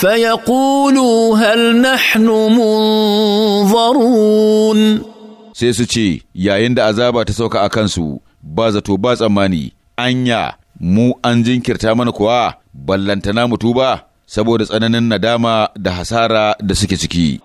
فيقولوا هل نحن منظرون sai su ce yayin da azaba ta sauka a kansu ba zato ba tsammani anya mu an jinkirta mana kuwa ballantana mutu ba saboda tsananin nadama da hasara da suke ciki